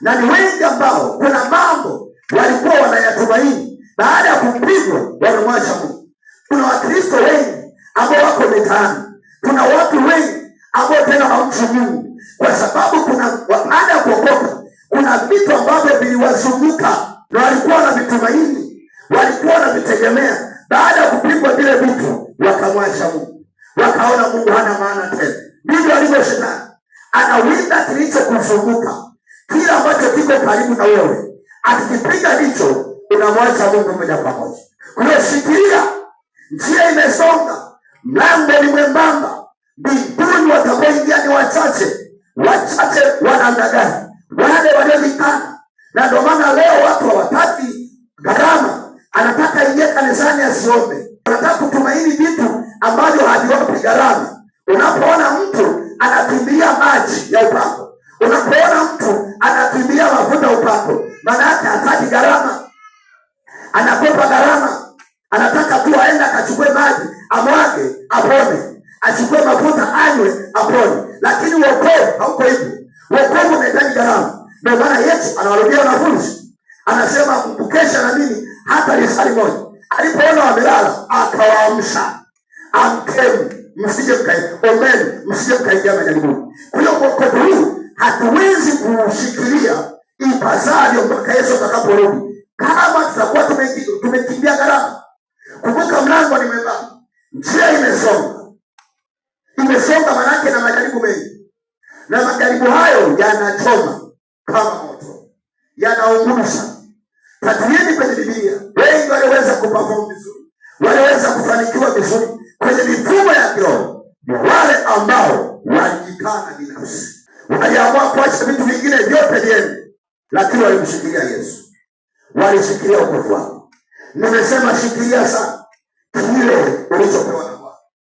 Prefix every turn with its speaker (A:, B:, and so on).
A: na ni wengi ambao kuna mambo walikuwa wanayatumaini baada ya kupigwa wanamwacha Mungu. Kuna Wakristo wengi ambao wako mitaani, kuna watu wengi ambao tena hawamchi Mungu kwa sababu kuna baada ya kuokoka kuna vitu ambavyo viliwazunguka na walikuwa wanavitumaini, walikuwa wanavitegemea. Baada ya kupigwa vile vitu wakamwacha Mungu, wakaona Mungu hana maana tena. Ndivyo alivyo Shetani, anawinda kilichokuzunguka kila ambacho kiko karibu na wewe akikipiga hicho unamwacha mungu moja kwa moja kwa hiyo shikilia njia imesonga mlango ni mwembamba mbinguni watakoingia ni wachache wachache wanandagani wale waliolingana na ndio maana leo watu hawataki gharama anataka ingie kanisani asiombe anataka kutumaini vitu ambavyo haviwapi gharama unapoona mtu anatumia maji ya upako unapoona kwako, maanake hataki gharama, anakopa gharama, anataka tu aenda akachukue maji amwage apone, achukue mafuta anywe apone. Lakini wokovu hauko hivyo, wokovu unahitaji gharama. Ndio maana Yesu anawarudia wanafunzi, anasema kukesha na mimi hata lisali moja. Alipoona wamelala, akawaamsha amkeni msije mkae ombeni, msije mkaingia majaribuni. Kwa hiyo wokovu huu hatuwezi kuushikilia ipasavyo mpaka Yesu atakaporudi. Kama tutakuwa tumekimbia gharama, kumbuka mlango ni mwembamba, njia imesonga, imesonga manake na majaribu mengi, na majaribu hayo yanachoma kama moto, yanaungusa. Tatueni kwenye Biblia, wengi walioweza kupafomu vizuri, walioweza kufanikiwa vizuri kwenye mifumo ya kiroho ni wale ambao walijikana binafsi, waliamua kuacha vitu vingine vyote vyenu lakini walimshikilia Yesu, walishikilia wokovu wao. Nimesema shikilia sana kile ulichopewa